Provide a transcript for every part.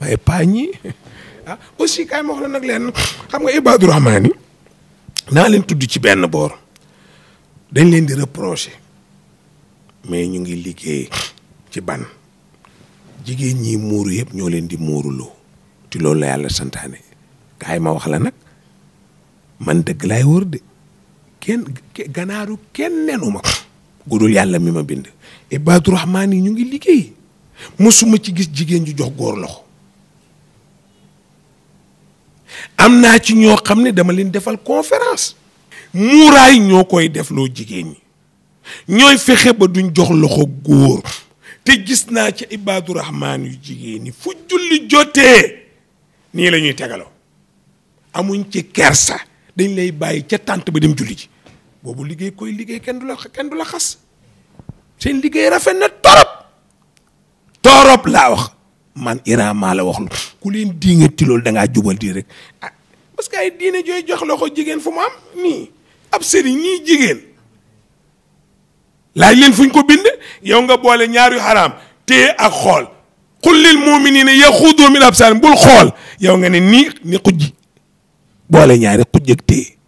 waaye paa ñi ah aussi kaay ma wax la nag leen xam nga ibaadu rahmaani naa leen tudd ci benn boor dañ leen di reprocher mais ñu ngi liggéey ci ban jigéen ñi muuru yëpp ñoo leen di muuruloo te loolu la yàlla santaane kaay ma wax la nag man dëgg lay wër de kenn ganaaru kenn nenu ma gudul yàlla mi ma bind ibaadu rahmaani ñu ngi liggéey mësuma ci gis jigéen ju jox góor loxo am naa ci ñoo xam ne dama leen defal conférence muuraay ñoo koy defloo loo jigéen ñi ñooy fexe ba duñ jox loxo góor te gis naa ci ibaadu rahmaan yu jigéen ñi fu julli jotee nii la ñuy tegaloo amuñ ci kersa dañ lay bàyyi ca tànt ba dem julli ji boobu liggéey koy liggéey kenn du la kenn du la xas liggéey rafet na torop torop laa wax man Iran maa la wax lu ku leen diinga ti loolu da ngaa jubal di rek ah, parce que ay diine jooy jox loxo jigéen fu mu am nii ab sëriñ nii jigéen laaj leen fuñ ko bind yow nga boole ñaar yu xaraam téye ak xool qul lil muminina yaxudu min absarim bul xool yow nga ne nii ni xujj boole ñaari xujj ak téye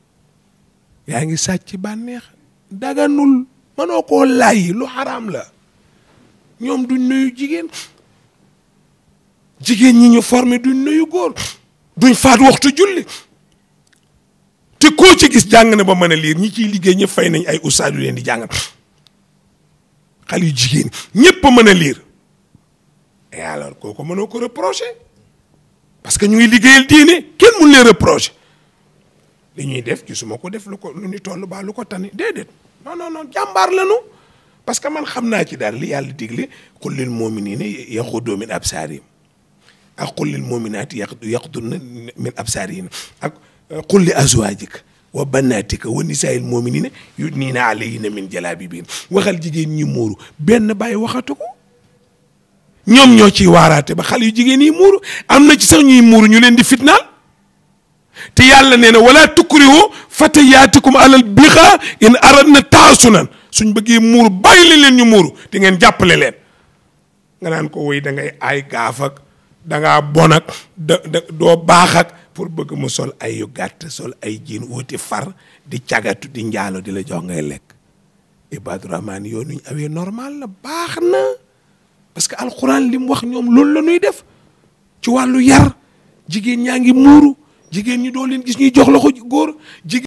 yaa ngi sàcc bànneex daganul mënoo koo layi lu xaraam la ñoom duñ nuyu jigéen jigéen ñi ñu formé duñ nuyu góor duñ faat waxtu julli te koo ci gis jàng na ba mën a liir ñi ciy liggéey ñëpp fay nañ ay ustaad yu leen di jàngal xale yu jigéen ñëpp a mën a liir et alors ko mënoo ko reprocher parce que ñu ngi liggéeyal diine kenn mun leen reprocher li ñuy def gisuma ko def lu ko lu ñu toll baa lu ko tani déedéet non non non jàmbaar lañu parce que man xam naa ci daal li yàlla digle qul lil mu'minina yaxuddu min absaarihim a ak qul lil muminaati yaqdudna min absaarihinna ak qul li azwaajika wa banaatika wa nisaa'il muminina yudniina alayhinna min jalaabibihinna waxal jigéen ñi muuru benn bàyyi waxatu ko ñoom ñoo ciy waaraate ba xale yu jigéen yi muuru am na ci sax ñuy muuru ñu leen di fitnaal te yàlla nee na wala tukrihu fatayaatikum alal bixa in aradna taasunan suñ bëggee muuru bàyyi leen leen ñu muuru te ngeen jàppale leen nga naan ko woy da ngay aay da ngaa bon ak da doo baaxak ak pour bëgg mu sol ay yu sol ay jiin woote far di cagatu di njaalo di la jox ngay lekk Ibaadu Rahmaan yoon ñu awee normal la baax na parce que alxuraan li mu wax ñoom loolu la ñuy def ci wàllu yar jigéen ñaa ngi muuru jigéen ñi dool leen gis ñuy jox loxo góor jigéen